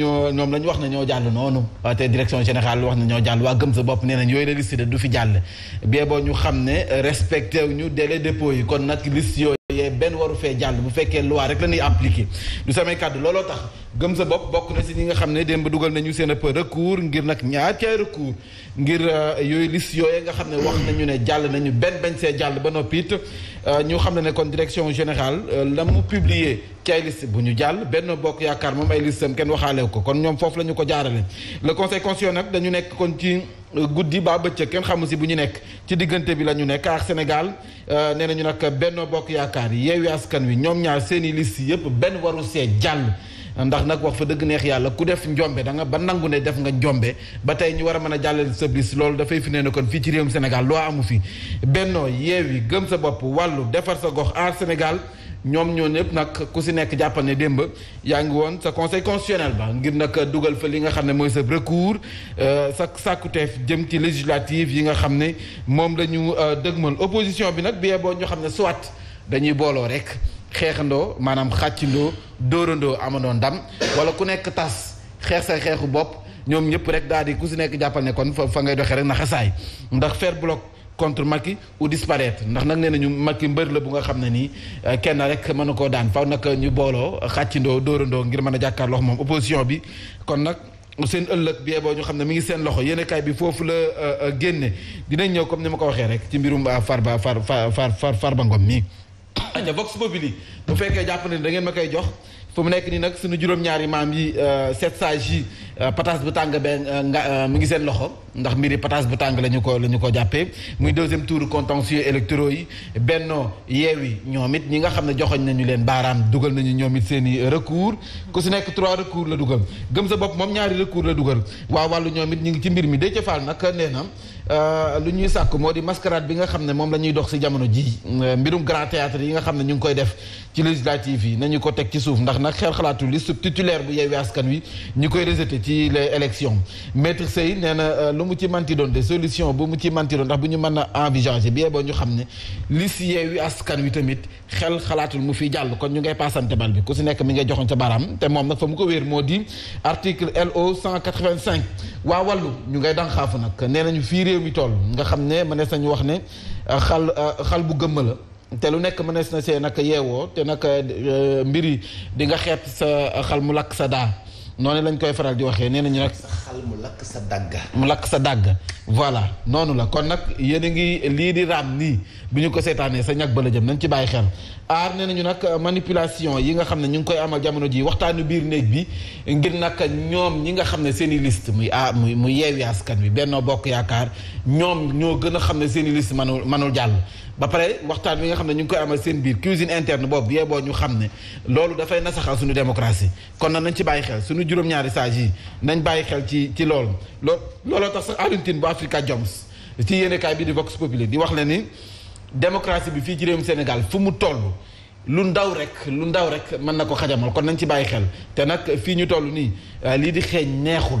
ñoo ñoom lañu wax ne ñoo jàll noonu te direction générale wax na ñoo jàll waa gëm sa bopp nee nañ yooyu la liste de du fi jàll bee boo ñu xam ne respecté wu ñu délai dépôt yi kon nag liste yooyu yee benn waru fee jàll bu fekkee loi rek la ñuy appliqué du samay kàddu looloo tax gëm sa bopp bokk na si ñi nga xam ne démb dugal nañu seen ëpp recours ngir nag ñaar caay recours ngir euh, yooyu liste yooyu nga xam ne wax nañu ne jàll nañu benn bañ see jàll ba noppi it euh, ñu xam ne ne kon direction général euh, la mu publier ci ay liste bu ñu jàll benn bokk yaakaar moom ay listam kenn waxaale ko kon ñoom foofu lañu ko jaarale le conseil constitutionnel nag dañu nekk kon ci guddi ba bëccëg kenn xamu si bu ñu nekk ci diggante bi la ñu nekk ak Sénégal nee nañu nag benn bokk yaakaar yeewi askan wi ñoom ñaar seen i liste yëpp benn waru see jàll ndax nag wax fa dëgg neex yàlla ku def njombe da nga ba nangu ne def nga njombe ba tey ñu war a mën a jàllale sa bis loolu dafay fi nee ne kon fii ci réewum Sénégal loo amu fi bennoo yi gëm sa bopp wàllu defar sa gox aar Sénégal ñoom ñoo ñëpp nag ku si nekk jàppal ne démb yaa ngi woon sa conseil constitutionnel ba ngir nag dugal fa li nga xam ne mooy sa recours euh, sa sàkkuteef jëm ci législative yi nga xam ne moom la ñu euh, dëgmal opposition bi nag bi yeboo ñu xam ne soit dañuy booloo rek xeexandoo maanaam xàccindoo dóorandoo amandoo ndam wala ku nekk tas xeex sa xeexu bopp ñoom ñëpp rek daal di ku si nekk jàppal ne kon fa fa ngay doxee rek na xasaay ndax faire bloc contre Macky ou disparaître ndax nag nee nañu Macky mbër la bu nga xam ne nii eh, kenn rek mën na koo daan faw nag ñu booloo xàccindoo dóorandoo ngir mën a jàkkaarloo moom opposition bi kon nag seen ëllëg bi boo ñu xam ne mi ngi seen loxo yéen bi foofu la eh, eh, génne dinañ ñëw comme ni ma ko waxee rek ci mbirum ah, Farba Far Far Farba Ngom mi aja vox populi bu fekkee jàpp ne da ngeen ma koy jox fu mu nekk nii nag suñu juróom-ñaari maam yi euh, sept sages yi euh, patas bu tàng bee euh, nga mu ngi seen loxo ndax mbiri pataas bu tàng lañu ko ñu ko jàppee muy deuxième tour contentieux électoraux yi Benno Yewwi ñoom it ñi nga xam ne joxoñ nañu leen baaraam dugal nañu ñoom it seen i recours ku si nekk trois recours la dugal gëm sa bopp moom ñaari recours la dugal waa wàllu ñoom it ñu ngi ci mbir mi dey Fall nag nee na euh, lu ñuy sàkk moo di mascarade bi nga xam ne moom la ñuy dox si jamono ji euh, mbirum grand théâtre yi nga xam ne ñu ngi koy def ci législative yi nañu ko teg ci suuf ndax nag xel xalaatu liste titulaire bu Yewwi Askan Wi ñu koy rejeté ci les lu mu ci manti doon de solution bu mu ci manti doon ndax bu ñu mën a envisager bi boo ñu xam ne li si yeewi askan wi tamit xel xalaatul mu fi jàll kon ñu ngay paasante bal bi ku si nekk mi ngay joxoon sa baaraam te moom nag fa mu ko wéer moo di article LO 185 waa wàllu ñu ngay dànxaafu nag nee nañu fii réew mi toll nga xam ne mënees nañu wax ne euh, xal euh, xal bu gëmm la te lu nekk mënees na see nag yeewoo te nag euh, mbir yi di nga xeet sa xal mu lakk sa daa noonu lañ koy faral di waxee nee nañu nag. sa xal mu lakk sa dàgg. mu lakk sa dàgg voilà noonu la kon nag yéen a ngi lii di raam nii bu ñu ko seetaanee sa ñag ba la nañ ci bàyyi xel. aar nee nañu nag manipulation yi nga xam ne ñu ngi koy amal jamono ji waxtaanu biir néeg bi ngir nag ñoom ñi nga xam ne seen i liste muy ah muy mu yeewi askan wi Benno Bokk Yaakaar ñoom ñoo gën a xam ne seen i liste manul manul jàll. ba pare waxtaan bi nga xam ne ñu ngi koy amal seen biir cuisine interne boobu yee ñu xam ne loolu dafay nasaxal suñu démocratie kon na nañ ci bàyyi xel suñu juróom-ñaari sages yi nañ bàyyi xel ci ci loolu loo looloo tax sax Alioune Tine bu Africa Joms ci kaay bi di Vox Populi di wax ne ni démocratie bi fii ci réewum Sénégal fu mu toll lu ndaw rek lu ndaw rek mën na ko xajamal kon nañ ci bàyyi xel te nag fii ñu toll nii euh, lii di xeeñ neexul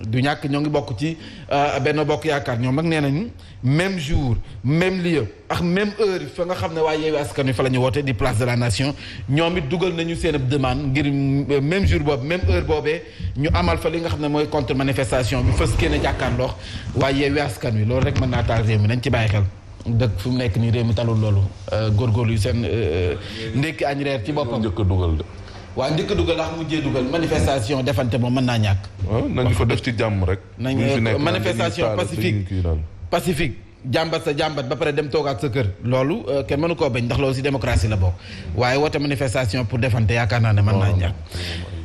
du ñàkk ñoo ngi bokk ci euh, benn bokk yaakaar ñoom nag nee nañu même jour même lieu ak même heure fa nga xam ne waa yeewi askan wi fa la ñu woote di place de la nation ñoom it dugal nañu seen ab demande ngir euh, même jour boobu même heure boobee ñu amal fa li nga xam ne mooy contre manifestation bi fës kenn jàkkaarloo waa yeewi askan wi loolu rek mën naa taal réew mi nañ ci bàyyi xel. dëkk fu mu nekk nii réew mi talul loolu euh, góorgóorlu yu seen ndékki añ reer ci boppam a dugal de. waa njëkk dugal ak mujjee dugal manifestation defante moom man naa ñàkk. waaw nañu ko def ci jàmm rek. nañu manifestation pacifique pacifique. jàmbat sa jàmbat ba pare dem toog ak sa kër. loolu euh, kenn mënu koo bañ ndax loolu si démocratie la bokk. waaye woote manifestation pour defante yaakaar naa ne man naa ñàkk.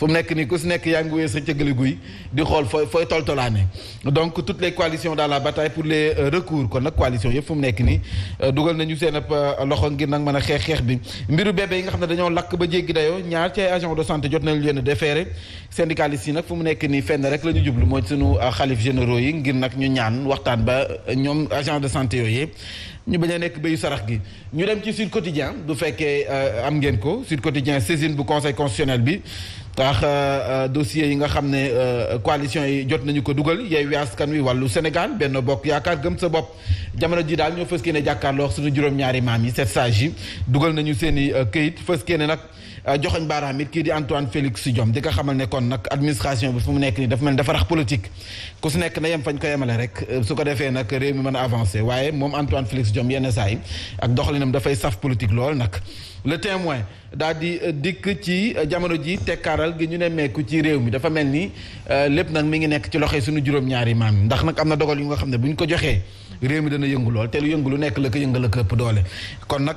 fu nek ni nii ku si nekk yaa ngi sa cëggali guuy di xol foy fooy toltolaane donc toutes les coalitions dans la bataille pour les euh, recours kon nak coalition yëpp fu mu nekk nii euh, nañu seen euh, loxo ngir nak mën a xeex bi mbiru bébé yi nga xam ne dañoo lakk ba jéggi dayo ñaar ci agent de santé jot nañu leen déféré syndicaliste yi nag fu mu nekk nii fenn rek lañu ñu jublu mooy sunu xalif généraux yi ngir nak ñu ñaan waxtaan ba ñom agent de santé yooyu ñu bañ a nekk béyu sarax gi ñu dem ci Sud Quotidien du fekkee euh, am ngeen ko Sud Quotidien saisine bu conseil constitutionnel bi tax euh, euh, dossier yi nga xam ne coalition yi jot nañu ko dugal Yewwi Askan Wi wàllu Sénégal benn Bokk Yaakaar gëm sa bopp jamono ji daal ñoo fës kee ne jàkkaarloo suñu juróom-ñaari maam yi sept sages yi dugal nañu seen i këyit fës kee nag Euh, joxoñ baaraam it kii di Antoine Félix Diome di ko xamal ne kon nag administration bi fu mu nekk nii dafa mel dafa rax politique ku su nekk na yem fañ ko yemale rek euh, su ko defee nag réew mi mën a avancé waaye moom Antoine Félix Diome yenn saa yi ak dafay saf politique lool nag le témoin daal di euh, dikk ci jamono ji tekkaaral gi ñu ne ci réew mi dafa mel ni lépp nag mi ngi nekk ci loxoy suñu juróom-ñaari maam ndax nag am na dogal yu nga xam ne bu ñu ko joxee réew mi dana yëngu lool te lu yëngu lu nekk la ko yëngal la ko doole kon nag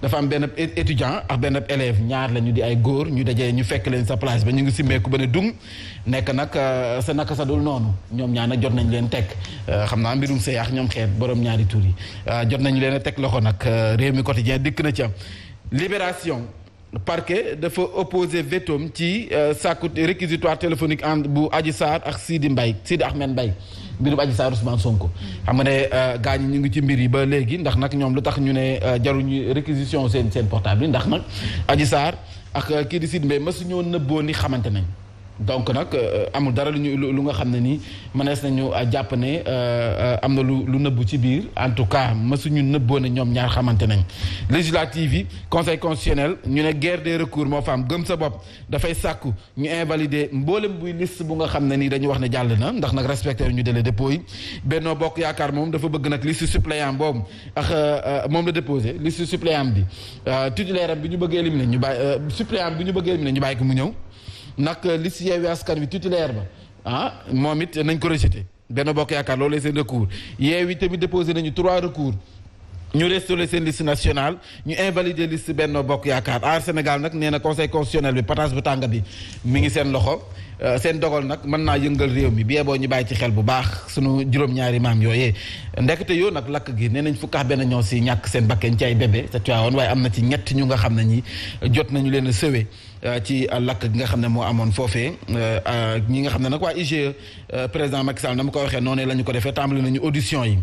dafa am benn étudiant ak benn élève ñaar la ñu di ay góor ñu dajee ñu fekk leen sa place ba ñu ngi simmeeku ba ne dung nekk nag euh, sa naka sa dul noonu ñoom ñaar nag jot nañ leen teg euh, xam naa mbirum sëy ak ñoom xeet borom ñaari tur yi euh, jot nañu leen a teg loxo nag réew mi quotidien dikk na ca libération parquet dafa opposé vétom ci euh, sàkku réquisitoire téléphonique en bu aji Sarr ak siidi mbay Mbaye Sidi Ahmed mbay mbirum Adji Sarr Ousmane Sonko xam nga ne euh, gaañ ñu ngi ci mbir yi ba léegi ndax nag ñoom lu tax ñu ne euh, jaruñu réquisition seen seen portable yi ndax nag Adji saar ak kii di Sidi Mbaye mësu ñoo nëbboo ni xamante nañ donc nag euh, amul dara lu ñu lu nga xam ne nii mënees nañu euh, jàpp ne euh, am na lu lu nëbbu ci biir en tout cas mësuñu nëbboon ne ñoom ñaar xamante nañ législative yi conseil constitutionnel ñu ne guerre des recours moo fa am gëm sa bopp dafay sàkku ñu invalider mboolem buy liste bu nga xam ne nii dañu wax ne jàll na ndax nag respecté ñu délai dépôt yi Benno Bokk Yaakaar moom dafa bëgg nag liste suppléant boobu ak moom la déposé liste suppléant bi titulaire bi ñu bëgg éliminer ñu bàyyi suppléant bi ñu bëgg éliminer ñu bàyyi ko mu ñëw nag euh, liste Yewwi Askan Wi leer ba ah moom it nañ ko rejeté benn bokk yaakaar loolu seen recours Yewwi tamit déposé nañu trois recours ñu restauré seen liste national ñu invalider liste benn Bokk Yaakaar Aar Sénégal nag nee na conseil constitutionnel bi patas bu tàng bi mu ngi seen loxo euh, seen dogal nag mën naa yëngal réew mi bee boo ñu bàyyi ci xel bu baax suñu juróom-ñaari maam yooyee ndekete yoon nag lakk gi nee nañ fukk ak benn ñoo si ñàkk seen bakkeen ci ay bébé am na ci ñett ñu nga xam ne ñi jot nañu leen a Euh, ci lakk gi nga xam ne moo amoon foofee euh, ñi nga xam ne nag waa IGE euh, président Macky Sall na mu ko waxee noonu la ñu ko defee tàmbali nañu audition yi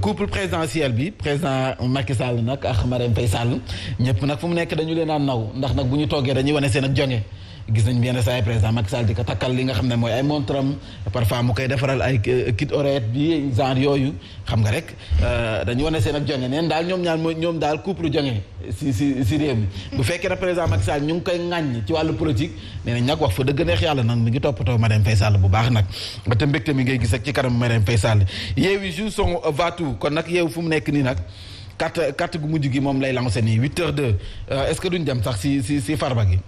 couple présidentiel bi président Macky Sall nag ak Marème Faye Sall ñëpp nag fu mu nekk dañu leen a naw ndax nag bu ñu toogee dañuy wane seen ak jonge gis nañ yenn saa yi président Macky Sall di ko takkal li nga xam ne mooy ay montram parfois mu koy defaral ay euh, kit oreillette bi genre yooyu xam nga rek euh, dañu wane seen ak jonge neen daal ñoom ñaan mooy ñoom daal couple jonge si si réew mi bu fekkee ne président Macky Sall ñu ngi koy ŋàññ ci wàllu politique nee nañ nag wax fa dëgg neex yàlla nag mi ngi toppatoo Marième Faye Sall bu baax nag te mbégte mi ngay gis ak ci kanam Marième Faye Sall yeewi son vatou kon nag yeew fu mu nekk nii nag carte carte gu mujj gi moom lay lancé nii huit heures deux euh, est-ce que duñ dem sax si si si farba gi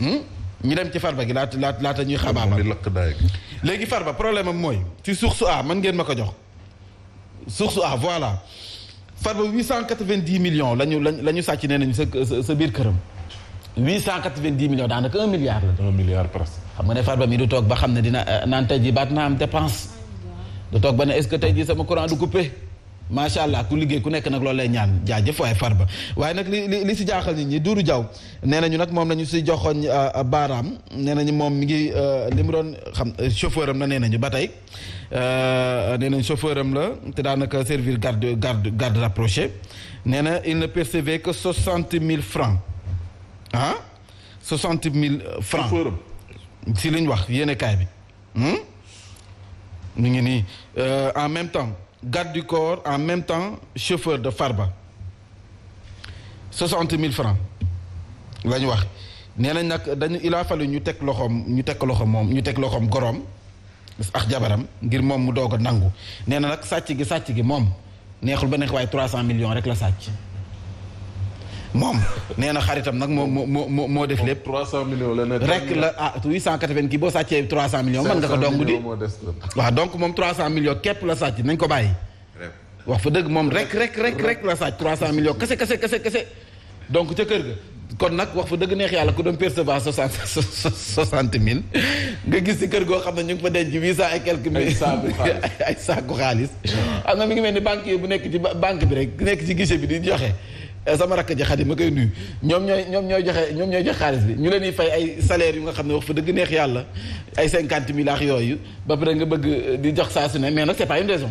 hmm? ñu dem ci farba gi laata laata ñuy xabaabal léegi farba problème am mooy ci source A man ngeen ma ko jox source A voilà farba 890 millions lañu lañu sàcc nee nañu sa sa biir këram 890 millions daanaka 1 milliard la. 1 milliard presque. xam nga ne farba mi du toog ba xam ne dina naan tey jii baat naa am dépense du toog ba ne est-ce que tey jii sama courant du coupé. macha allah ku liggéey ku nekk nag loolu lay ñaan jaajëf waaye farba waaye nag li li li si jaaxal nit ñi Doudou jaw nee nañu nag moom la ñu si joxoñ euh, baaraam nee nañu moom mi ngi euh, li mu xam chauffeur am la nee nañu ba tey euh, nee nañ chauffeur am la te daanaka servir garde garde garde rapproché nee na il ne que soixante mille francs ah soixante mille francs si li ñu wax yéene kaay bi hmm? mu ngi nii en même temps garde du corps, en même temps chauffeur de Farba. 60 000 francs la wax nee dañu il a fallu ñu tek loxoom ñu tek loxo moom ñu teg loxoom goroom ak jabaram ngir moom mu doog nangu nee na nag gi sàcc gi moom neexul ba neex 300 millions rek la sàcc. moom nee na xaritam nag moo moo moo moo def lépp. 300 millions la rek la ah 880 kii boo sàccee 300 millions. mën nga ko dong di waaw donc moom 300 millions képp la sàcc nañ ko bàyyi. wax fa dëgg moom rek rek rek rek la sàcc 300 millions kese kese kese kese. donc ca kër ga kon nag wax fa dëgg neex yàlla ku doon percevoir soixante soixante mille nga gis ci kër goo xam ne ñu ngi fa denc huit cent et quelques mille ay saaku xaalis am na mi ngi mel ni banque yi bu nekk ci banque bi rek nekk ci guichet bi di joxe. Eh, sama rakk ji xadi ma koy nuyu ñoom ñooy joxe ñoom ñooy joxe xaalis bi ñu leen di fay ay salaire yu nga xam ne wax fa dëgg neex yàlla ay cinquante mille yooyu ba pare nga bëgg di jox saa su ne mais nag c'est pas une raison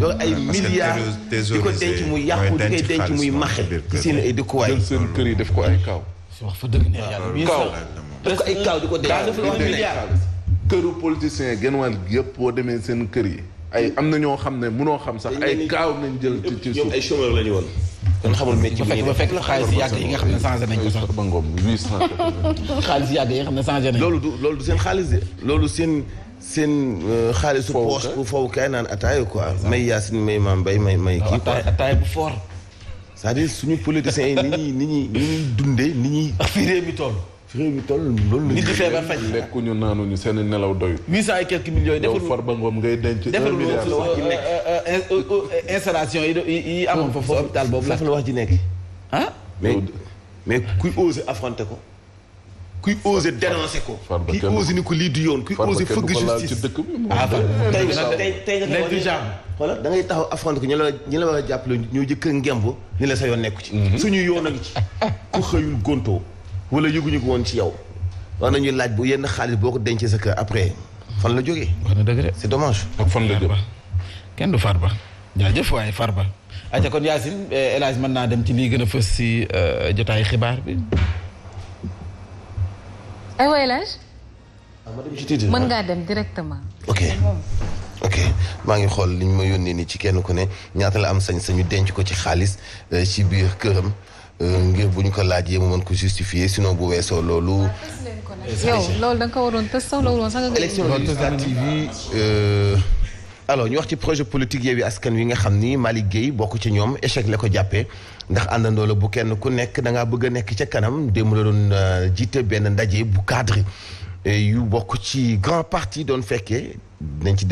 yor ay milliards di ko denc muy yàqu di koy denc muy maxe ci seen ay dëkkuwaay. jël seen kër yi def ko ay kaaw. wax fa dëgg ne yàlla mieux vaut. def ko ay kaaw di ko denc. këru politicien genn wàll yëpp boo demee seen kër yi. ay am na ñoo xam ne munoo xam sax ay kaaw nañ jël ci ci suuf. ñoom ay chômeur la ñu woon. kon xamul métier bu ba fekk xaalis yàgg yi nga xam ne changé nañ ko sax. ba ngoom huit cent. xaalis yàgg yi nga xam ne changé nañ loolu du loolu du seen xaalis de loolu seen seen euh, xaalisu poche bu faw kaay naan ataaya quoi. may yaasin may maam bay may may. kii quoi ataaya bu foor cest di suñu politiciens yi ni ñuy ni ñuy ni ñuy dundee ni ñuy. fi réew mi toll. fi réew mi toll loolu la. nit di feebar faj lekkuñu naanuñu seen nelaw doyul. huit cent et quelques millions yi deful ba Farba Ngom ngay denc. un la wax ji nekk installation yi yi amoon foofu hôpital boobu la. foofu la wax ji nekk. ah mais mais kuy oser affronter ko. kuy osé dénoncé ko. kuy osé ni ko lii du yoon kuy osé fëgg justice. ah da ngay taxaw affronté ko ñu la ñu la war a jàppale ñu jëkk ngemb ni la sa yoon nekku ci. Mhm. suñu yoon a ngi ci ku xëyul ko woon ci yow. war nañuy laaj bu yenn xaalis boo ko dencee sa kër après fan la jógee. wax na dëgg de c'est dommage. ak fan la jógee kenn du Farba jaajëf waaye Farba. ayca kon Yacine eh, El Hadj mën naa dem ci lii gën a fës si eh, jotaayu xibaar bi. aywa ah, El mën ngaa dem directement. ok ok maa ngi xool li ñu ma yónnee nii ci kenn ku ne ñaata la am sañ-sañu denc ko ci xaalis eh, ci biir këram eh, ngir bu ñu ko laajee mu mën ko justifier sinon bu weesoo loolu. Ah, yow loolu da ko waroon tës sax loolu woon sax nga. élection législative yi. alors ñu wax ci projet politique Yewwi Askan Wi nga xam ni Malick Gueye bokk ci ñoom échec la ko jàppee ndax àndandoo bu kenn ku nekk da ngaa bëgg a nekk ca kanam démb la doon euh, jiite benn ndaje bu cadre euh, yu bokk ci grand parti doon fekkee dañ ci dellu